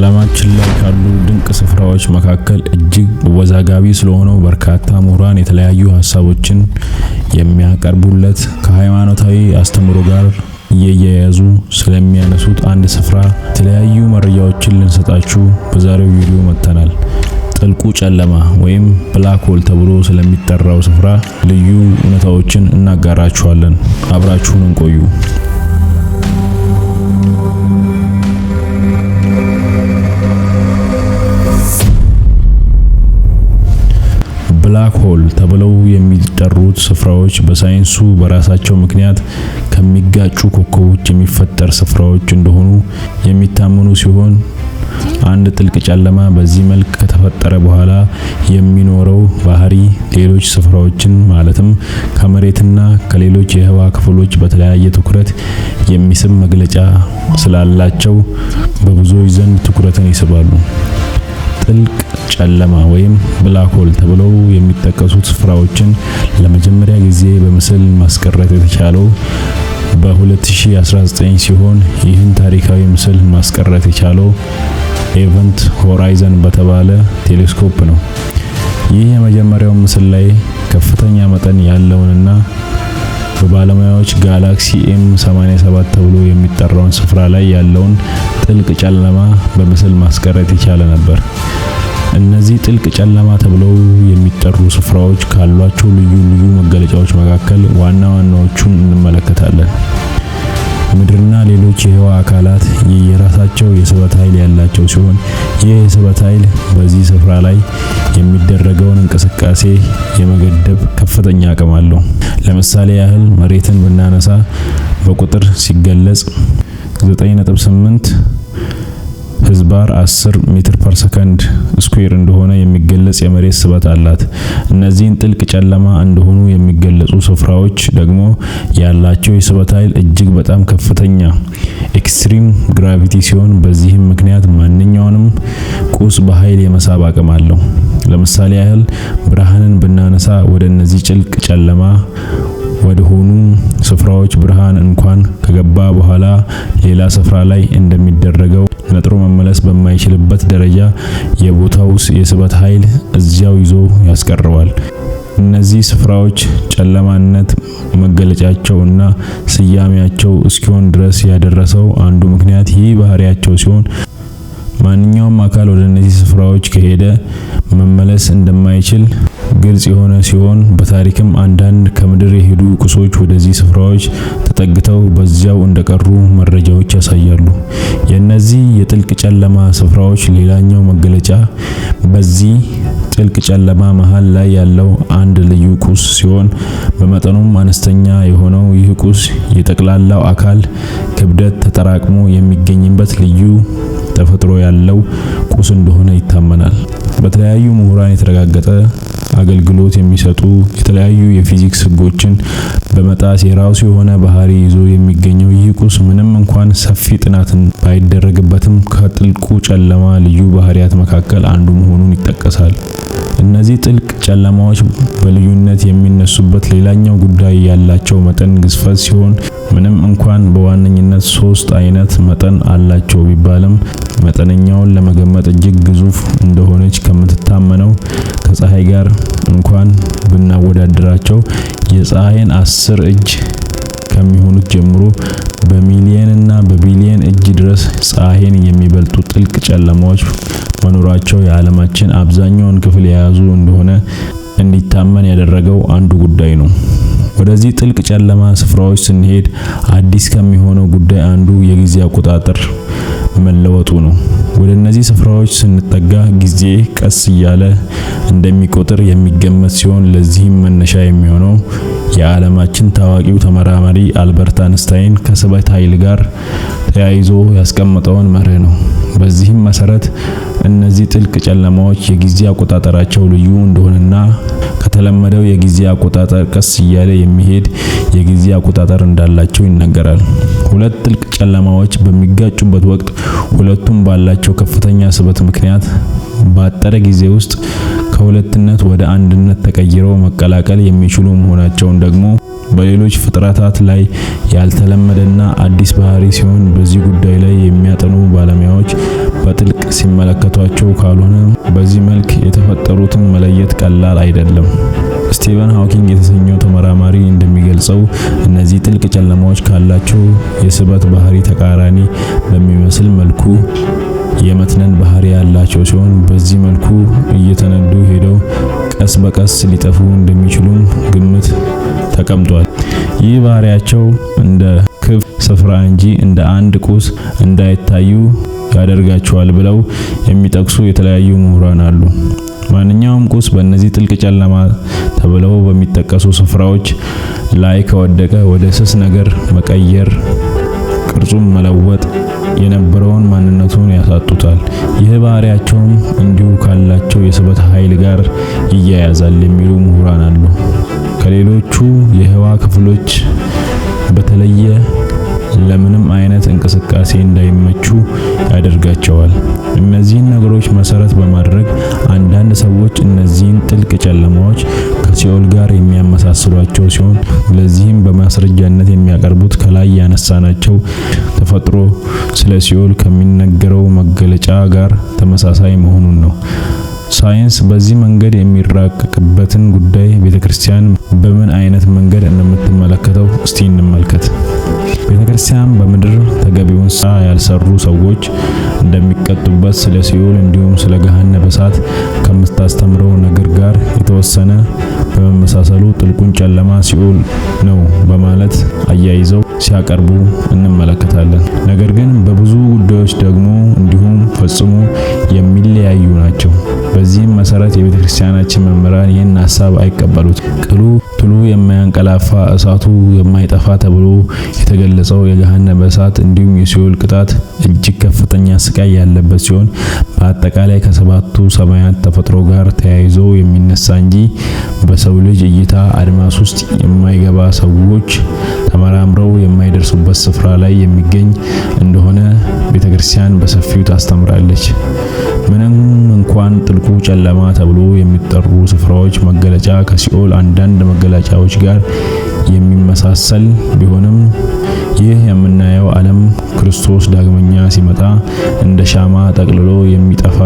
ዓለማችን ላይ ካሉ ድንቅ ስፍራዎች መካከል እጅግ ወዛጋቢ ስለሆነው በርካታ ምሁራን የተለያዩ ሀሳቦችን የሚያቀርቡለት ከሃይማኖታዊ አስተምሮ ጋር እየያያዙ ስለሚያነሱት አንድ ስፍራ የተለያዩ መረጃዎችን ልንሰጣችሁ በዛሬው ቪዲዮ መጥተናል። ጥልቁ ጨለማ ወይም ብላክ ሆል ተብሎ ስለሚጠራው ስፍራ ልዩ እውነታዎችን እናጋራችኋለን። አብራችሁን እንቆዩ። ብላክ ሆል ተብለው የሚጠሩት ስፍራዎች በሳይንሱ በራሳቸው ምክንያት ከሚጋጩ ኮከቦች የሚፈጠር ስፍራዎች እንደሆኑ የሚታመኑ ሲሆን አንድ ጥልቅ ጨለማ በዚህ መልክ ከተፈጠረ በኋላ የሚኖረው ባህሪ ሌሎች ስፍራዎችን ማለትም ከመሬትና ከሌሎች የህዋ ክፍሎች በተለያየ ትኩረት የሚስብ መግለጫ ስላላቸው በብዙዎች ዘንድ ትኩረትን ይስባሉ። ጥልቅ ጨለማ ወይም ብላክ ሆል ተብለው የሚጠቀሱት ስፍራዎችን ለመጀመሪያ ጊዜ በምስል ማስቀረት የተቻለው በ2019 ሲሆን ይህን ታሪካዊ ምስል ማስቀረት የቻለው ኤቨንት ሆራይዘን በተባለ ቴሌስኮፕ ነው። ይህ የመጀመሪያው ምስል ላይ ከፍተኛ መጠን ያለውንና በባለሙያዎች ጋላክሲ ኤም 87 ተብሎ የሚጠራውን ስፍራ ላይ ያለውን ጥልቅ ጨለማ በምስል ማስቀረት የቻለ ነበር። እነዚህ ጥልቅ ጨለማ ተብለው የሚጠሩ ስፍራዎች ካሏቸው ልዩ ልዩ መገለጫዎች መካከል ዋና ዋናዎቹን እንመለከታለን። ምድርና ሌሎች የህዋ አካላት የየራሳቸው የስበት ኃይል ያላቸው ሲሆን ይህ የስበት ኃይል በዚህ ስፍራ ላይ የሚደረገውን እንቅስቃሴ የመገደብ ከፍተኛ አቅም አለው። ለምሳሌ ያህል መሬትን ብናነሳ በቁጥር ሲገለጽ 9.8 ባር 10 ሜትር ፐር ሰከንድ ስኩዌር እንደሆነ የሚገለጽ የመሬት ስበት አላት። እነዚህን ጥልቅ ጨለማ እንደሆኑ የሚገለጹ ስፍራዎች ደግሞ ያላቸው የስበት ኃይል እጅግ በጣም ከፍተኛ ኤክስትሪም ግራቪቲ ሲሆን በዚህም ምክንያት ማንኛውንም ቁስ በኃይል የመሳብ አቅም አለው። ለምሳሌ ያህል ብርሃንን ብናነሳ ወደ እነዚህ ጥልቅ ጨለማ ወደ ሆኑ ስፍራዎች ብርሃን እንኳን ከገባ በኋላ ሌላ ስፍራ ላይ እንደሚደረገው ነጥሮ መመለስ በማይችልበት ደረጃ የቦታው የስበት ኃይል እዚያው ይዞ ያስቀረዋል። እነዚህ ስፍራዎች ጨለማነት መገለጫቸው እና ስያሜያቸው እስኪሆን ድረስ ያደረሰው አንዱ ምክንያት ይህ ባህሪያቸው ሲሆን ማንኛውም አካል ወደ እነዚህ ስፍራዎች ከሄደ መመለስ እንደማይችል ግልጽ የሆነ ሲሆን በታሪክም አንዳንድ ከምድር የሄዱ ቁሶች ወደዚህ ስፍራዎች ተጠግተው በዚያው እንደቀሩ መረጃዎች ያሳያሉ። የእነዚህ የጥልቅ ጨለማ ስፍራዎች ሌላኛው መገለጫ በዚህ ጥልቅ ጨለማ መሃል ላይ ያለው አንድ ልዩ ቁስ ሲሆን በመጠኑም አነስተኛ የሆነው ይህ ቁስ የጠቅላላው አካል ክብደት ተጠራቅሞ የሚገኝበት ልዩ ተፈጥሮ ያለው ቁስ እንደሆነ ይታመናል። በተለያዩ ምሁራን የተረጋገጠ አገልግሎት የሚሰጡ የተለያዩ የፊዚክስ ህጎችን በመጣስ የራሱ የሆነ ባህሪ ይዞ የሚገኘው ይህ ቁስ ምንም እንኳን ሰፊ ጥናትን ባይደረግበትም ከጥልቁ ጨለማ ልዩ ባህሪያት መካከል አንዱ መሆኑን ይጠቀሳል። እነዚህ ጥልቅ ጨለማዎች በልዩነት የሚነሱበት ሌላኛው ጉዳይ ያላቸው መጠን ግዝፈት ሲሆን ምንም እንኳን በዋነኝነት ሶስት አይነት መጠን አላቸው ቢባልም መጠነኛውን ለመገመት እጅግ ግዙፍ እንደሆነች ከምትታመነው ከፀሐይ ጋር እንኳን ብናወዳድራቸው የፀሐይን አስር እጅ ከሚሆኑት ጀምሮ በሚሊየን እና በቢሊየን እስከዚህ ድረስ ፀሐይን የሚበልጡ ጥልቅ ጨለማዎች መኖራቸው የዓለማችን አብዛኛውን ክፍል የያዙ እንደሆነ እንዲታመን ያደረገው አንዱ ጉዳይ ነው። ወደዚህ ጥልቅ ጨለማ ስፍራዎች ስንሄድ አዲስ ከሚሆነው ጉዳይ አንዱ የጊዜ አቆጣጠር መለወጡ ነው። ወደ እነዚህ ስፍራዎች ስንጠጋ ጊዜ ቀስ እያለ እንደሚቆጥር የሚገመት ሲሆን ለዚህም መነሻ የሚሆነው የዓለማችን ታዋቂው ተመራማሪ አልበርት አንስታይን ከስበት ኃይል ጋር ተያይዞ ያስቀመጠውን መርህ ነው። በዚህም መሰረት እነዚህ ጥልቅ ጨለማዎች የጊዜ አቆጣጠራቸው ልዩ እንደሆነና ከተለመደው የጊዜ አቆጣጠር ቀስ እያለ የሚሄድ የጊዜ አቆጣጠር እንዳላቸው ይነገራል። ሁለት ጥልቅ ጨለማዎች በሚጋጩበት ወቅት ሁለቱም ባላቸው ከፍተኛ ስበት ምክንያት ባጠረ ጊዜ ውስጥ ከሁለትነት ወደ አንድነት ተቀይረው መቀላቀል የሚችሉ መሆናቸውን ደግሞ በሌሎች ፍጥረታት ላይ ያልተለመደና አዲስ ባህሪ ሲሆን በዚህ ጉዳይ ላይ የሚያጠኑ ባለሙያዎች በጥልቅ ሲመለከቷቸው ካልሆነ በዚህ መልክ የተፈጠሩትን መለየት ቀላል አይደለም። ስቲቨን ሃውኪንግ የተሰኘው ተመራማሪ እንደሚገልጸው እነዚህ ጥልቅ ጨለማዎች ካላቸው የስበት ባህሪ ተቃራኒ በሚመስል መልኩ የመትነን ባህሪ ያላቸው ሲሆን በዚህ መልኩ እየተነዱ ሄደው ቀስ በቀስ ሊጠፉ እንደሚችሉም ግምት ተቀምጧል። ይህ ባህሪያቸው እንደ ክፍ ስፍራ እንጂ እንደ አንድ ቁስ እንዳይታዩ ያደርጋቸዋል ብለው የሚጠቅሱ የተለያዩ ምሁራን አሉ። ማንኛውም ቁስ በእነዚህ ጥልቅ ጨለማ ተብለው በሚጠቀሱ ስፍራዎች ላይ ከወደቀ ወደ ስስ ነገር መቀየር ቅርጹን መለወጥ የነበረውን ማንነቱን ያሳጡታል። ይህ ባህሪያቸውም እንዲሁ ካላቸው የስበት ኃይል ጋር ይያያዛል የሚሉ ምሁራን አሉ። ከሌሎቹ የህዋ ክፍሎች በተለየ ለምንም አይነት እንቅስቃሴ እንዳይመቹ ያደርጋቸዋል። እነዚህን ነገሮች መሰረት በማድረግ አንዳንድ ሰዎች እነዚህን ጥልቅ ጨለማዎች ከሲኦል ጋር የሚያመሳስሏቸው ሲሆን ለዚህም በማስረጃነት የሚያቀርቡት ከላይ ያነሳናቸው ተፈጥሮ ስለ ሲኦል ከሚነገረው መገለጫ ጋር ተመሳሳይ መሆኑን ነው። ሳይንስ በዚህ መንገድ የሚራቀቅበትን ጉዳይ ቤተክርስቲያን በምን አይነት መንገድ እንደምትመለከተው እስቲ እንመልከት። ቤተክርስቲያን በምን ምድር ተገቢውን ስራ ያልሰሩ ሰዎች እንደሚቀጡበት ስለ ሲኦል እንዲሁም ስለ ገሃነመ እሳት ከምታስተምረው ነገር ጋር የተወሰነ በመመሳሰሉ ጥልቁን ጨለማ ሲኦል ነው በማለት አያይዘው ሲያቀርቡ እንመለከታለን። ነገር ግን በብዙ ጉዳዮች ደግሞ እንዲሁም ፈጽሞ የሚለያዩ ናቸው። በዚህም መሰረት የቤተክርስቲያናችን መምህራን ይህን ሀሳብ አይቀበሉት ቅሉ ትሉ የማያንቀላፋ እሳቱ የማይጠፋ ተብሎ የተገለጸው የገሃነመ እሳት እንዲሁም የሲኦል ቅጣት እጅግ ከፍተኛ ስቃይ ያለበት ሲሆን በአጠቃላይ ከሰባቱ ሰማያት ተፈጥሮ ጋር ተያይዞ የሚነሳ እንጂ በሰው ልጅ እይታ አድማስ ውስጥ የማይገባ ሰዎች ተመራምረው የማይደርሱበት ስፍራ ላይ የሚገኝ እንደሆነ ቤተክርስቲያን በሰፊው ታስተምራለች። ምንም እንኳን ጥልቁ ጨለማ ተብሎ የሚጠሩ ስፍራዎች መገለጫ ከሲኦል አንዳንድ መገለጫዎች ጋር የሚመሳሰል ቢሆንም ይህ የምናየው ዓለም ክርስቶስ ዳግመኛ ሲመጣ እንደ ሻማ ጠቅልሎ የሚጠፋ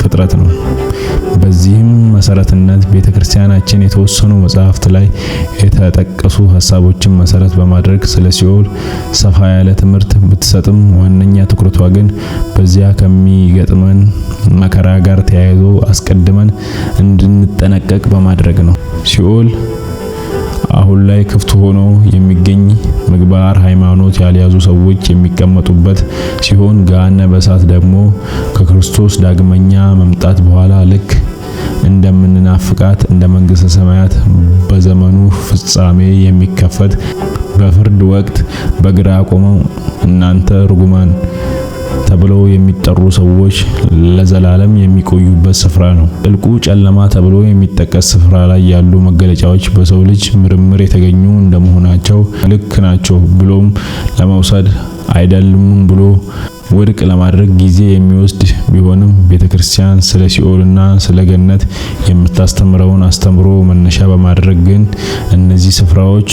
ፍጥረት ነው። በዚህም መሰረትነት ቤተክርስቲያናችን የተወሰኑ መጽሐፍት ላይ የተጠቀሱ ሀሳቦችን መሰረት በማድረግ ስለ ሲኦል ሰፋ ያለ ትምህርት ብትሰጥም ዋነኛ ትኩረቷ ግን በዚያ ከሚገጥመን መከራ ጋር ተያይዞ አስቀድመን እንድንጠነቀቅ በማድረግ ነው። ሲኦል አሁን ላይ ክፍት ሆኖ የሚገኝ ምግባር ሃይማኖት ያልያዙ ሰዎች የሚቀመጡበት ሲሆን ገሃነመ በእሳት ደግሞ ከክርስቶስ ዳግመኛ መምጣት በኋላ ልክ እንደምንናፍቃት እንደ መንግስተ ሰማያት በዘመኑ ፍጻሜ የሚከፈት በፍርድ ወቅት በግራ ቆመው እናንተ ርጉማን ተብለው የሚጠሩ ሰዎች ለዘላለም የሚቆዩበት ስፍራ ነው። ጥልቁ ጨለማ ተብሎ የሚጠቀስ ስፍራ ላይ ያሉ መገለጫዎች በሰው ልጅ ምርምር የተገኙ እንደመሆናቸው ልክ ናቸው ብሎም ለመውሰድ አይደሉም ብሎ ወድቅ ለማድረግ ጊዜ የሚወስድ ቢሆንም ቤተክርስቲያን ስለ ሲኦልና ስለ ገነት የምታስተምረውን አስተምሮ መነሻ በማድረግ ግን እነዚህ ስፍራዎች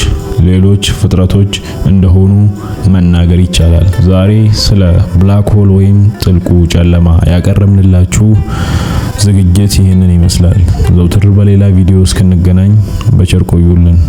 ሌሎች ፍጥረቶች እንደሆኑ መናገር ይቻላል። ዛሬ ስለ ብላክ ሆል ወይም ጥልቁ ጨለማ ያቀረብንላችሁ ዝግጅት ይህንን ይመስላል። ዘውትር በሌላ ቪዲዮ እስክንገናኝ በቸር ቆዩልን።